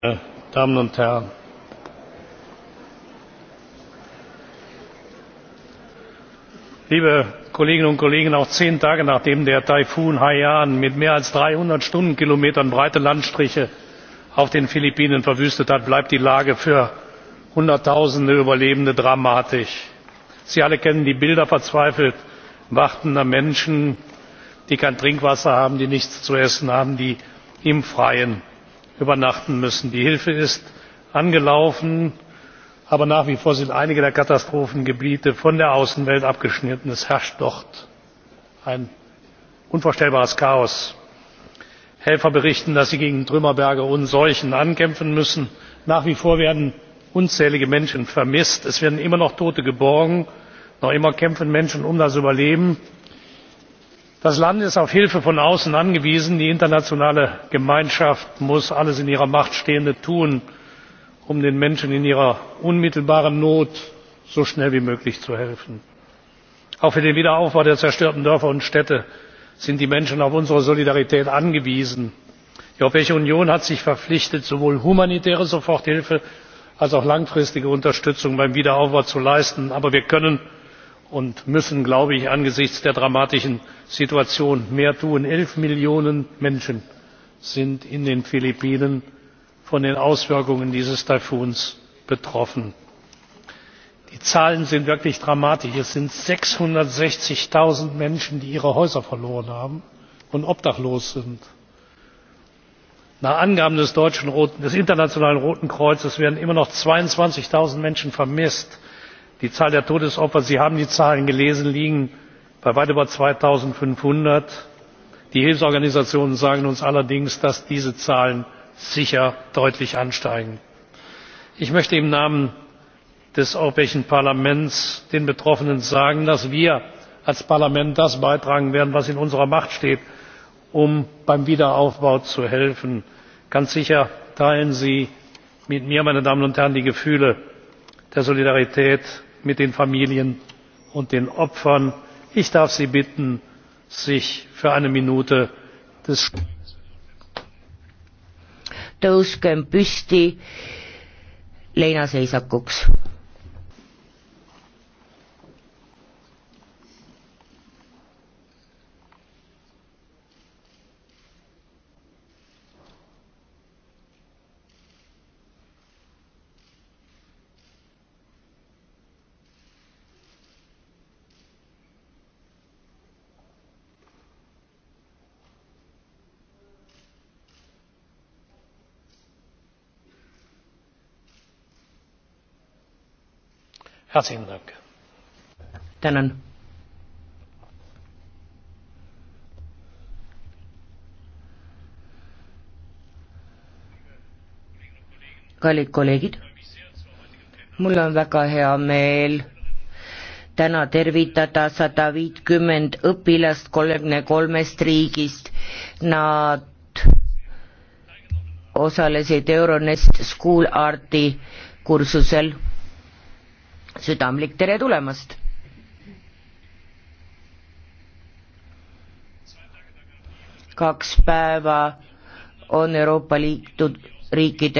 meine damen und herren! liebe kolleginnen und kollegen! auch zehn tage nachdem der taifun haiyan mit mehr als dreihundert stundenkilometern breite landstriche auf den philippinen verwüstet hat bleibt die lage für hunderttausende überlebende dramatisch. sie alle kennen die bilder verzweifelt wartender menschen die kein trinkwasser haben die nichts zu essen haben die im freien übernachten müssen. die hilfe ist angelaufen aber nach wie vor sind einige der katastrophengebiete von der außenwelt abgeschnitten. es herrscht dort ein unvorstellbares chaos. helfer berichten dass sie gegen trümmerberge und seuchen ankämpfen müssen. nach wie vor werden unzählige menschen vermisst. es werden immer noch tote geborgen. noch immer kämpfen menschen um das überleben das land ist auf hilfe von außen angewiesen. die internationale gemeinschaft muss alles in ihrer macht stehende tun um den menschen in ihrer unmittelbaren not so schnell wie möglich zu helfen. auch für den wiederaufbau der zerstörten dörfer und städte sind die menschen auf unsere solidarität angewiesen. die europäische union hat sich verpflichtet sowohl humanitäre soforthilfe als auch langfristige unterstützung beim wiederaufbau zu leisten. aber wir können und müssen glaube ich angesichts der dramatischen situation mehr tun. elf millionen menschen sind in den philippinen von den auswirkungen dieses taifuns betroffen. die zahlen sind wirklich dramatisch es sind sechshundertsechzig null menschen die ihre häuser verloren haben und obdachlos sind. nach angaben des internationalen roten kreuzes werden immer noch zweiundzwanzig null menschen vermisst die zahl der todesopfer sie haben die zahlen gelesen liegt bei weit über zwei fünfhundert die hilfsorganisationen sagen uns allerdings dass diese zahlen sicher deutlich ansteigen. ich möchte im namen des europäischen parlaments den betroffenen sagen dass wir als parlament das beitragen werden was in unserer macht steht um beim wiederaufbau zu helfen. ganz sicher teilen sie mit mir meine damen und herren die gefühle der solidarität mit den familien und den opfern. ich darf sie bitten sich für eine minute des schweigens tõuskem püsti leinaseisakuks. tänan. kallid kolleegid, mul on väga hea meel täna tervitada sada viitkümmend õpilast kolmekümne kolmest riigist. Nad osalesid Euronest School Arti kursusel südamlik tere tulemast! kaks päeva on Euroopa Liidu riikide